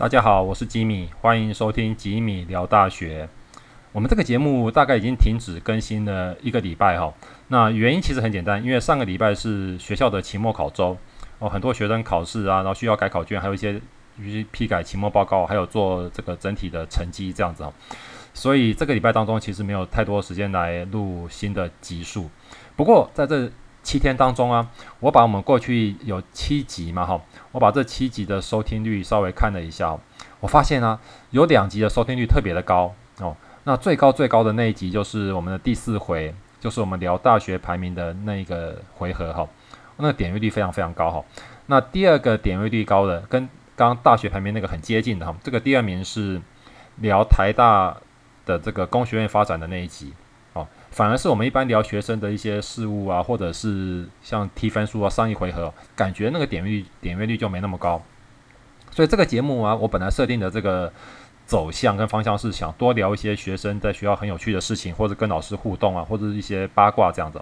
大家好，我是吉米，歡迎收聽吉米聊大學。我們這個節目大概已經停止更新了一個禮拜哈、哦。那原因其實很簡單，因為上個禮拜是學校的期末考周哦，很多學生考試啊，然後需要改考卷，還有一些批改期末報告，還有做這個整體的成績這樣子啊、哦。所以這個禮拜當中，其實沒有太多時間來錄新的集數。不過在這七天當中啊，我把我們過去有七集嘛哈，我把這七集的收聽率稍微看了一下，我發現呢、啊、有兩集的收聽率特別的高哦。那最高最高的那一集就是我們的第四回，就是我們聊大學排名的那一個回合哈，那個點閱率非常非常高哈。那第二個點閱率高的，跟剛大學排名那個很接近的哈，這個第二名是聊台大的這個工學院發展的那一集。反而是我們一般聊學生的一些事物啊，或者是像 T 分數啊、上一回合，感覺那個點閱率點閱率就沒那麼高。所以這個節目啊，我本來設定的這個走向跟方向是想多聊一些學生在學校很有趣的事情，或者跟老師互動啊，或者是一些八卦這樣子。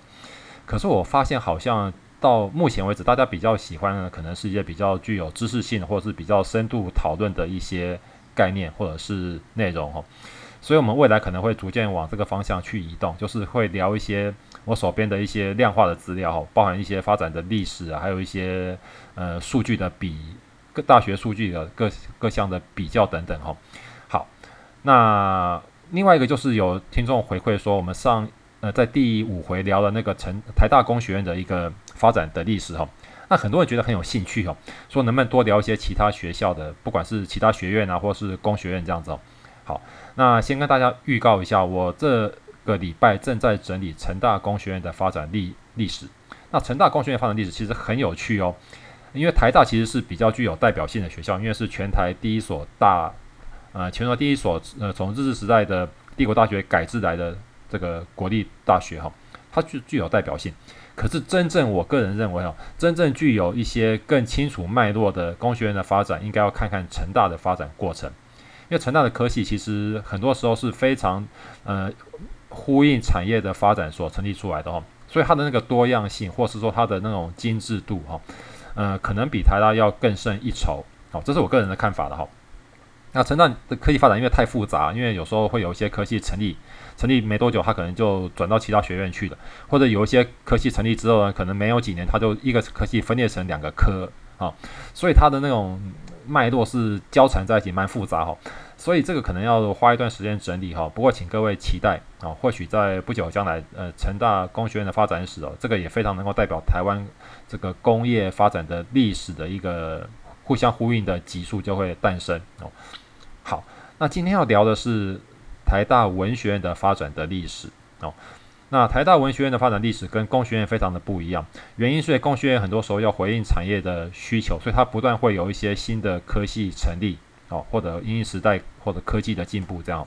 可是我發現好像到目前為止，大家比較喜歡的可能是一些比較具有知識性，或者是比較深度討論的一些概念或者是內容。所以，我們未來可能會逐漸往這個方向去移動，就是會聊一些我手邊的一些量化的資料，包含一些發展的歷史啊，還有一些呃數據的比各大學數據的各各項的比較等等哈。好，那另外一個就是有聽眾回饋說，我們上呃在第五回聊了那個成台大工學院的一個發展的歷史哈，那很多人覺得很有興趣哈，說能不能多聊一些其他學校的，不管是其他學院啊，或是工學院這樣子。好，那先跟大家預告一下，我這個禮拜正在整理成大工學院的發展歷歷史。那成大工學院發展歷史其實很有趣哦，因為台大其實是比較具有代表性的學校，因為是全台第一所大，呃，全台第一所呃從日治時代的帝國大學改制來的這個國立大學哈、哦，它具具有代表性。可是真正我個人認為哦，真正具有一些更清楚脈絡的工學院的發展，應該要看看成大的發展過程。因為成大的科系其實很多時候是非常，呃，呼應產業的發展所成立出來的哈、哦，所以它的那個多樣性或是說它的那種精緻度哈、哦，呃，可能比台大要更勝一籌。好、哦，這是我個人的看法的哈、哦。那成大的科技發展因為太複雜，因為有時候會有一些科系成立成立沒多久，它可能就轉到其他學院去了，或者有一些科系成立之後呢，可能沒有幾年它就一個科系分裂成兩個科啊、哦，所以它的那種。脈絡是交纏在一起，蠻複雜哈，所以這個可能要花一段時間整理哈。不過請各位期待啊，或許在不久將來，呃，成大工學院的發展史哦，這個也非常能夠代表台灣這個工業發展的歷史的一個互相呼應的集數，就會誕生哦。好，那今天要聊的是台大文學院的發展的歷史哦。那台大文學院的發展歷史跟工學院非常的不一樣，原因是工學院很多時候要回應產業的需求，所以它不斷會有一些新的科系成立，哦，或者因應時代或者科技的進步這樣，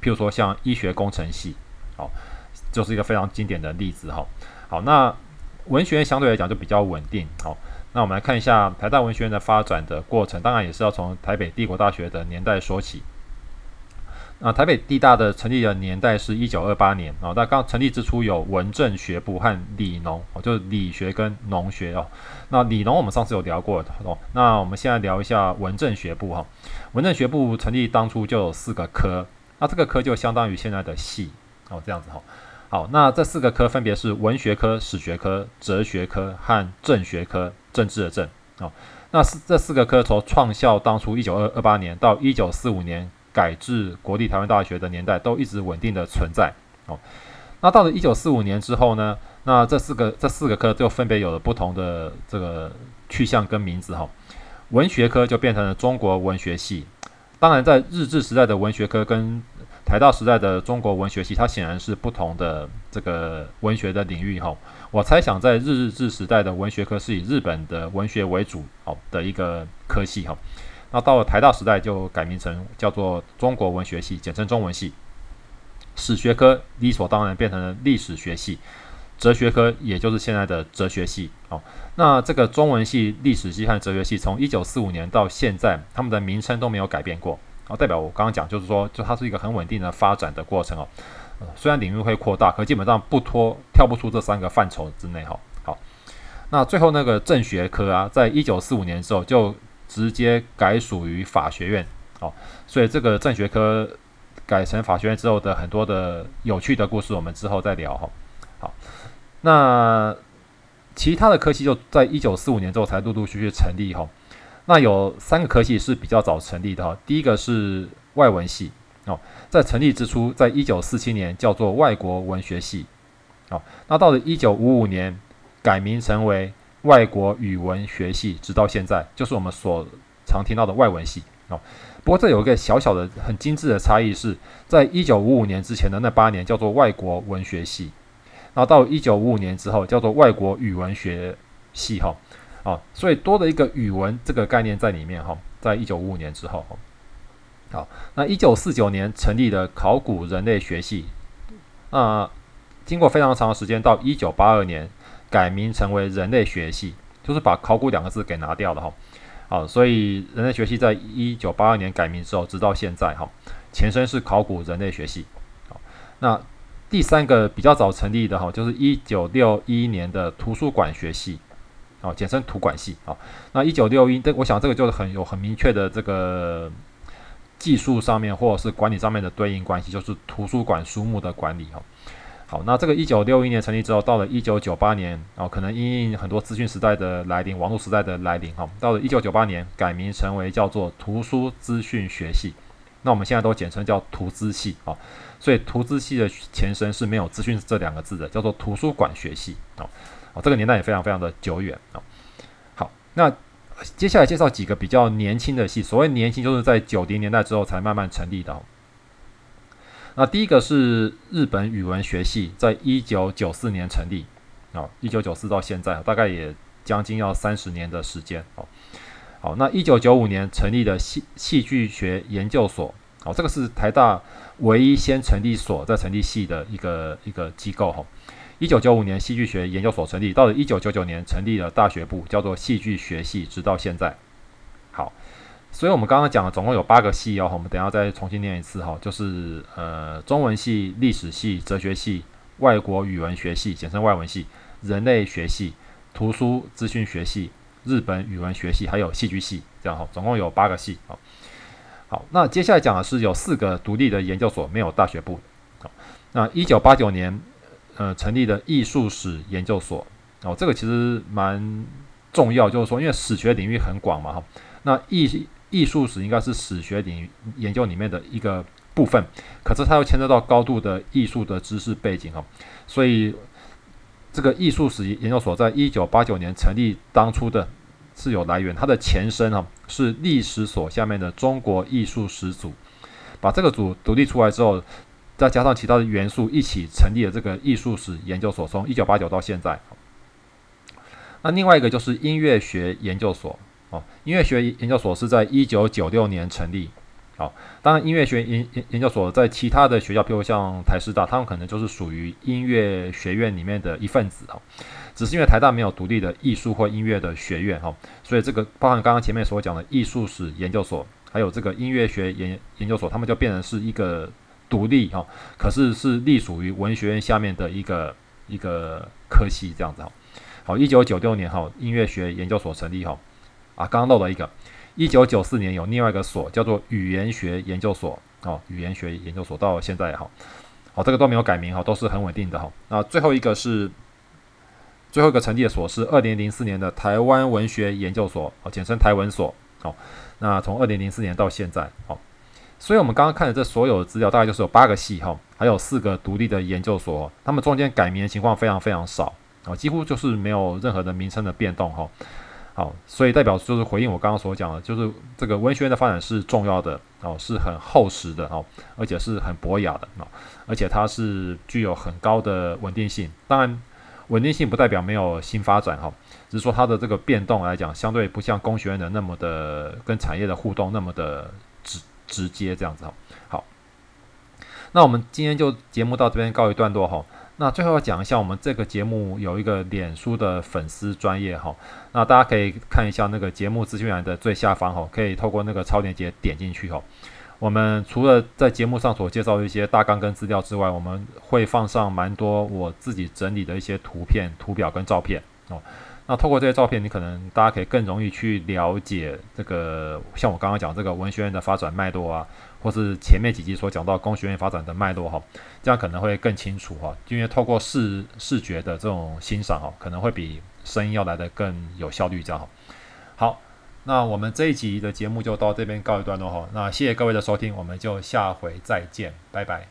譬如說像醫學工程系，哦，就是一個非常經典的例子哈。好，那文學院相對來講就比較穩定，好，那我們來看一下台大文學院的發展的過程，當然也是要從台北帝國大學的年代說起。啊，台北帝大的成立的年代是一九二八年啊。那、哦、剛成立之初有文政學部和理農哦，就是理學跟農學哦。那理農我們上次有聊過、哦，那我們現在聊一下文政學部哈、哦。文政學部成立當初就有四個科，那這個科就相當於現在的系哦，這樣子哈、哦。好，那這四個科分別是文學科、史學科、哲學科和政學科，政治的政哦。那四這四個科從創校當初一九二二八年到一九四五年，改制國立台灣大學的年代都一直穩定的存在哦。那到了一九四五年之後呢？那這四個這四個科就分別有了不同的這個去向跟名字哈。文學科就變成了中國文學系。當然，在日治時代的文學科跟台大時代的中國文學系，它顯然是不同的這個文學的領域哈。我猜想，在日日治時代的文學科是以日本的文學為主好的一個科系哈。那到了台大時代就改名成叫做中國文學系，簡稱中文系。史學科理所當然變成了歷史學系，哲學科也就是現在的哲學系哦。那這個中文系、歷史系和哲學系從一九四五年到現在，他們的名稱都沒有改變過，代表我剛剛講就是說，就它是一個很穩定的發展的過程哦。雖然領域會擴大，可基本上不脫跳不出這三個範疇之內哈。好，那最後那個政學科啊，在一九四五年的時候就。直接改屬於法學院哦，所以這個政學科改成法學院之後的很多的有趣的故事，我們之後再聊哈、哦。好，那其他的科系就在一九四五年之後才陸陸續續成立哈、哦。那有三個科系是比較早成立的哈、哦，第一個是外文系哦，在成立之初，在一九四七年叫做外國文學系哦。那到了一九五五年改名成為。外國語文學系，直到現在就是我們所常聽到的外文系哦。不過，這有一個小小的、很精致的差異是，是在一九五五年之前的那八年叫做外國文學系，然後到一九五五年之後叫做外國語文學系哈。哦，所以多了一個語文這個概念在裡面哈。在一九五五年之後，好，那一九四九年成立的考古人類學系，那、呃、經過非常長的時間，到一九八二年。改名成為人類學系，就是把“考古”兩個字給拿掉了哈。啊，所以人類學系在一九八二年改名之後，直到現在哈，前身是考古人類學系。那第三個比較早成立的哈，就是一九六一年的圖書館學系，哦，簡稱圖館系。啊，那一九六一，這我想這個就是很有很明確的這個技術上面或者是管理上面的對應關係，就是圖書館書目的管理哈。好，那這個一九六一年成立之後，到了一九九八年，然後可能因應很多資訊時代的來臨、網絡時代的來臨，哈，到了一九九八年改名成為叫做圖書資訊學系，那我們現在都簡稱叫圖資系啊。所以圖資系的前身是沒有資訊這兩個字的，叫做圖書館學系啊。啊，這個年代也非常非常的久遠啊。好，那接下來介紹幾個比較年輕的系，所謂年輕，就是在九零年代之後才慢慢成立的。那第一個是日本語文學系，在一九九四年成立，啊，一九九四到現在大概也將近要三十年的時間，哦，好，那一九九五年成立的戲戲劇學研究所，哦，這個是台大唯一先成立所再成立系的一個一個機構，哈，一九九五年戲劇學研究所成立，到了一九九九年成立了大學部，叫做戲劇學系，直到現在。所以我們剛剛講的總共有八個系哦，我們等一下再重新念一次哈、哦，就是呃中文系、歷史系、哲學系、外國語文學系（簡稱外文系）、人類學系、圖書資訊學系、日本語文學系，還有戲劇系，這樣哈、哦，總共有八個系啊、哦。好，那接下來講的是有四個獨立的研究所，沒有大學部。那一九八九年，呃，成立的藝術史研究所哦，這個其實蠻重要，就是說因為史學領域很廣嘛哈，那藝、e。藝術史應該是史學裡研究裡面的一個部分，可是它又牽涉到高度的藝術的知識背景哈，所以這個藝術史研究所，在一九八九年成立當初的是有來源，它的前身啊是歷史所下面的中國藝術史組，把這個組獨立出來之後，再加上其他的元素一起成立的這個藝術史研究所，從一九八九到現在。那另外一個就是音樂學研究所。哦，音樂學研究所是在一九九六年成立。好，當然音樂學研研究所，在其他的學校，比如像台師大，他們可能就是屬於音樂學院裡面的一份子哦。只是因為台大沒有獨立的藝術或音樂的學院哈，所以這個包含剛剛前面所講的藝術史研究所，還有這個音樂學研研究所，他們就變成是一個獨立哈，可是是隸屬於文學院下面的一個一個科系這樣子哈。好，一九九六年哈，音樂學研究所成立哈。啊，剛剛漏了一個，一九九四年有另外一個所叫做語言學研究所，哦，語言學研究所到現在也好，哦，這個都沒有改名，哈、哦，都是很穩定的，哈、哦。那最後一個是，最後一個成立的所是二零零四年的台灣文學研究所，哦，簡稱台文所，哦。那從二零零四年到現在，哦，所以我們剛剛看的這所有的資料，大概就是有八個系，哈、哦，還有四個獨立的研究所，他們中間改名的情況非常非常少，哦，幾乎就是沒有任何的名稱的變動，哈、哦。好，所以代表就是回應我剛剛所講的，就是這個文學院的發展是重要的哦，是很厚實的哦，而且是很博雅的哦，而且它是具有很高的穩定性。當然，穩定性不代表沒有新發展哈，哦，只是說它的這個變動來講，相對不像工學院的那麼的跟產業的互動那麼的直直接這樣子哈，哦。好，那我們今天就節目到這邊告一段落哈，哦。那最後要講一下，我們這個節目有一個臉書的粉絲專頁哈，那大家可以看一下那個節目資訊欄的最下方哈，可以透過那個超鏈接點進去哈。我們除了在節目上所介紹的一些大綱跟資料之外，我們會放上蠻多我自己整理的一些圖片、圖表跟照片哦。那透過這些照片，你可能大家可以更容易去了解這個，像我剛剛講這個文學院的發展脈絡啊，或是前面幾集所講到工學院發展的脈絡哈，這樣可能會更清楚哈，因為透過視視覺的這種欣賞哈，可能會比聲音要來得更有效率這樣哈。好，那我們這一集的節目就到這邊告一段落哈，那謝謝各位的收聽，我們就下回再見，拜拜。